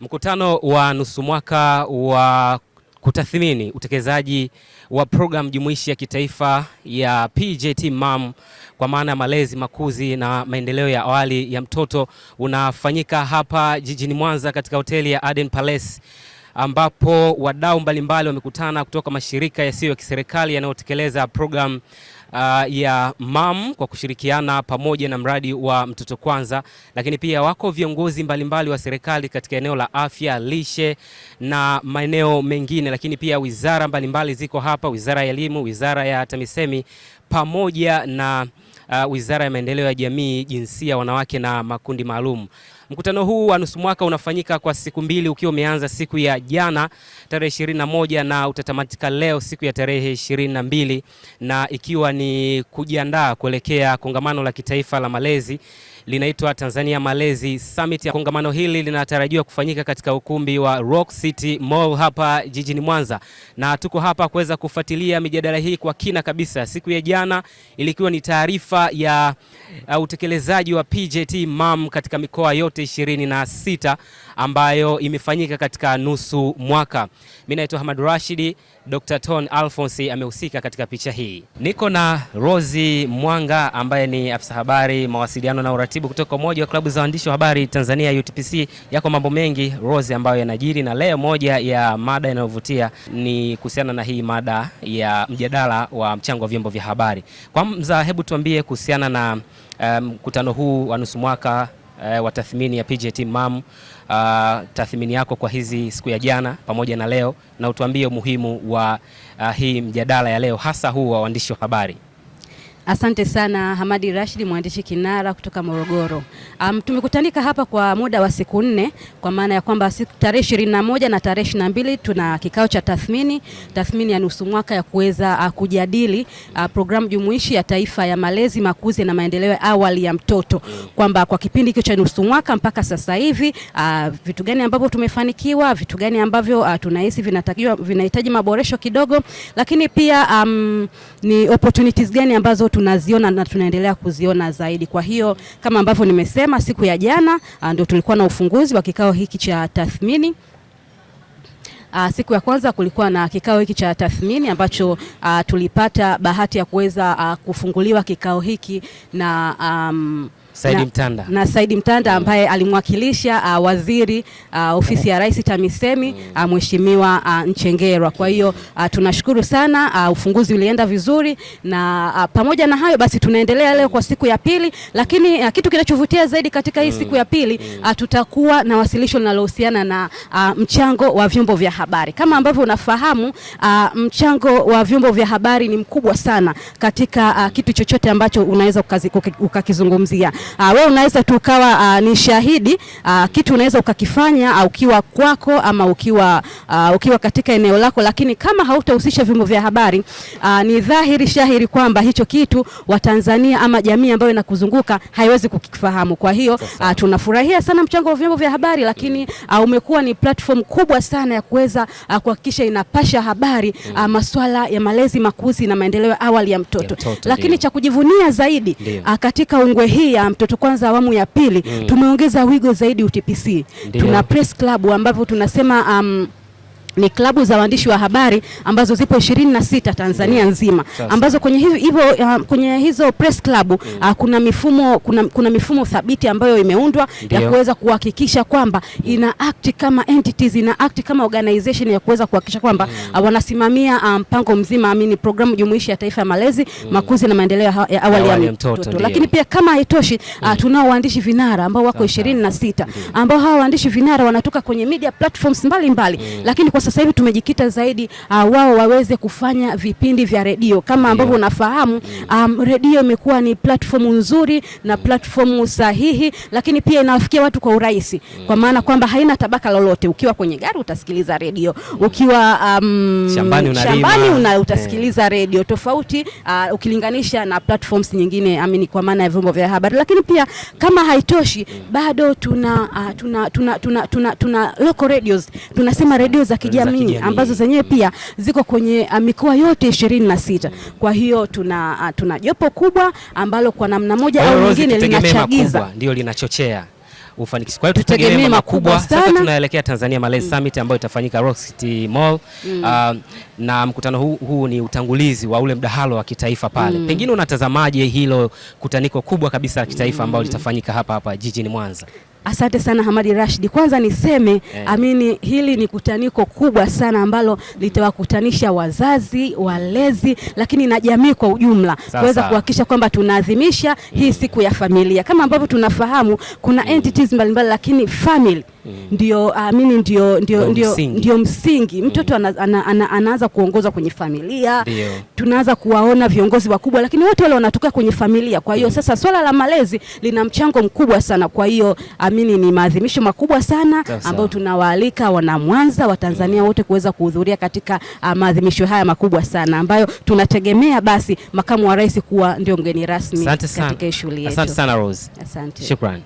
Mkutano wa nusu mwaka wa kutathmini utekelezaji wa programu jumuishi ya kitaifa ya PJT MAM kwa maana ya malezi, makuzi na maendeleo ya awali ya mtoto unafanyika hapa jijini Mwanza katika hoteli ya Aden Palace ambapo wadau mbalimbali wamekutana kutoka mashirika yasiyo ya kiserikali yanayotekeleza programu uh, ya MAM kwa kushirikiana pamoja na mradi wa Mtoto Kwanza, lakini pia wako viongozi mbalimbali wa serikali katika eneo la afya, lishe na maeneo mengine, lakini pia wizara mbalimbali ziko hapa, wizara ya elimu, wizara ya TAMISEMI pamoja na uh, wizara ya maendeleo ya jamii, jinsia, wanawake na makundi maalum. Mkutano huu wa nusu mwaka unafanyika kwa siku mbili ukiwa umeanza siku ya jana tarehe ishirini na moja na utatamatika leo siku ya tarehe ishirini na mbili na ikiwa ni kujiandaa kuelekea kongamano la kitaifa la malezi linaitwa Tanzania Malezi Summit. Ya kongamano hili linatarajiwa kufanyika katika ukumbi wa Rock City Mall hapa jijini Mwanza, na tuko hapa kuweza kufuatilia mijadala hii kwa kina kabisa. Siku ya jana ilikuwa ni taarifa ya uh, utekelezaji wa PJT MAM katika mikoa yote yote 26 ambayo imefanyika katika nusu mwaka. Mimi naitwa Hamad Rashidi. Dr. Ton Alphonse amehusika katika picha hii. Niko na Rozi Mwanga ambaye ni afisa habari, mawasiliano na uratibu kutoka Umoja wa Klabu za Waandishi wa Habari Tanzania UTPC. Yako mambo mengi Rozi ambayo yanajiri, na leo moja ya mada inayovutia ni kuhusiana na hii mada ya mjadala wa mchango wa vyombo vya habari. Kwanza hebu tuambie kuhusiana na um, mkutano um, huu wa nusu mwaka eh, wa tathmini ya PJ Team MAM. Uh, tathmini yako kwa hizi siku ya jana pamoja na leo na utuambie umuhimu wa uh, hii mjadala ya leo hasa huu wa waandishi wa habari. Asante sana Hamadi Rashid, mwandishi kinara kutoka Morogoro. Um, tumekutanika hapa kwa muda wa siku nne kwa maana ya kwamba tarehe ishirini na moja na tarehe ishirini na mbili tuna kikao cha tathmini, tathmini ya nusu mwaka ya kuweza uh, kujadili uh, programu jumuishi ya taifa ya malezi, makuzi na maendeleo ya awali ya mtoto kwamba kwa kipindi hicho cha nusu mwaka mpaka sasa hivi uh, vitu gani ambavyo tumefanikiwa, vitu gani ambavyo uh, tunahisi vinatakiwa vinahitaji maboresho kidogo, lakini pia um, ni opportunities gani ambazo tunaziona na tunaendelea kuziona zaidi. Kwa hiyo kama ambavyo nimesema, siku ya jana ah, ndio tulikuwa na ufunguzi wa kikao hiki cha tathmini. Uh, siku ya kwanza kulikuwa na kikao hiki cha tathmini ambacho uh, tulipata bahati ya kuweza uh, kufunguliwa kikao hiki na um, Saidi na, Mtanda. Na Saidi Mtanda ambaye alimwakilisha uh, waziri uh, ofisi ya Rais TAMISEMI mm. uh, Mheshimiwa uh, Mchengerwa. Kwa hiyo uh, tunashukuru sana uh, ufunguzi ulienda vizuri na uh, pamoja na hayo basi tunaendelea leo kwa siku ya pili, lakini uh, kitu kinachovutia zaidi katika hii mm. siku ya pili mm. uh, tutakuwa na wasilisho linalohusiana na uh, mchango wa vyombo vya habari. Kama ambavyo unafahamu uh, mchango wa vyombo vya habari ni mkubwa sana katika uh, kitu chochote ambacho unaweza ukakizungumzia uh, wewe unaweza tu ukawa uh, ni shahidi uh, kitu unaweza ukakifanya uh, ukiwa kwako ama ukiwa, uh, ukiwa katika eneo lako, lakini kama hautahusisha vyombo vya habari uh, ni dhahiri shahiri kwamba hicho kitu Watanzania ama jamii ambayo inakuzunguka haiwezi kukifahamu. Kwa hiyo uh, tunafurahia sana mchango wa vyombo vya habari, lakini uh, umekuwa ni platform kubwa sana ya kuweza uh, kuhakikisha inapasha habari uh, mm. masuala ya malezi, makuzi na maendeleo awali ya mtoto, ya mtoto lakini cha kujivunia zaidi uh, katika ungwe hii ya mtoto kwanza awamu ya pili mm. tumeongeza wigo zaidi UTPC Ndiyo. tuna press club ambavyo tunasema um, ni klabu za waandishi wa habari ambazo zipo ishirini na sita Tanzania mm. nzima ambazo kwenye hizo, hivyo, uh, kwenye hizo press club uh, mm. kuna mifumo kuna, kuna mifumo thabiti ambayo imeundwa ya kuweza kuhakikisha kwamba mm. ina act kama entities, ina act kama organization ya kuweza kuhakikisha kwamba uh, wanasimamia uh, mpango um, mzima amini programu jumuishi ya taifa ya malezi mm. makuzi na maendeleo ya awali ya, awali ya mtoto, lakini pia kama haitoshi uh, tunao waandishi vinara ambao wako ishirini na sita ambao hawa waandishi vinara wanatoka kwenye media platforms mbalimbali mbali. Lakini kwa sasa hivi tumejikita zaidi uh, wao waweze kufanya vipindi vya redio kama ambavyo unafahamu, um, redio imekuwa ni platform nzuri na platform sahihi, lakini pia inawafikia watu kwa urahisi, kwa maana kwamba haina tabaka lolote. Ukiwa kwenye gari utasikiliza redio, ukiwa um, shambani, shambani una utasikiliza redio tofauti, uh, ukilinganisha na platforms nyingine amini, kwa maana ya vyombo vya habari. Lakini pia kama haitoshi, bado tuna uh, tuna tuna tuna, tuna, tuna, tuna local radios tunasema redio za kijamii ambazo zenyewe pia ziko kwenye uh, mikoa yote ishirini na sita. Kwa hiyo tuna, uh, tuna jopo kubwa ambalo kwa namna moja au nyingine linachagiza, ndio linachochea ufanikisi. Kwa hiyo tutegemee makubwa. Sasa tunaelekea Tanzania Malays mm. Summit ambayo itafanyika Rock City Mall mm. Uh, na mkutano huu, huu ni utangulizi wa ule mdahalo wa kitaifa pale mm. Pengine unatazamaje hilo kutaniko kubwa kabisa la kitaifa ambalo litafanyika hapa hapa jijini Mwanza? Asante sana Hamadi Rashid. Kwanza niseme yeah. Amini, hili ni kutaniko kubwa sana ambalo litawakutanisha wazazi, walezi, lakini na jamii kwa ujumla kuweza kuhakikisha kwamba tunaadhimisha hii mm. siku ya familia. Kama ambavyo tunafahamu kuna mm. entities mbalimbali mbali, lakini family Mm. ndio amini, ah, ndio ndio ndio msingi mm. mtoto mm. anaanza ana, ana, kuongozwa kwenye familia, tunaanza kuwaona viongozi wakubwa, lakini wote wale wanatoka kwenye familia. Kwa hiyo mm. sasa swala la malezi lina mchango mkubwa sana. Kwa hiyo amini, ah, ni maadhimisho makubwa sana ambayo tunawaalika wana Mwanza wa Tanzania mm. wote kuweza kuhudhuria katika ah, maadhimisho haya makubwa sana ambayo tunategemea basi makamu wa rais kuwa ndio mgeni rasmi katika shule yetu. Asante sana Rose. Asante. Shukrani.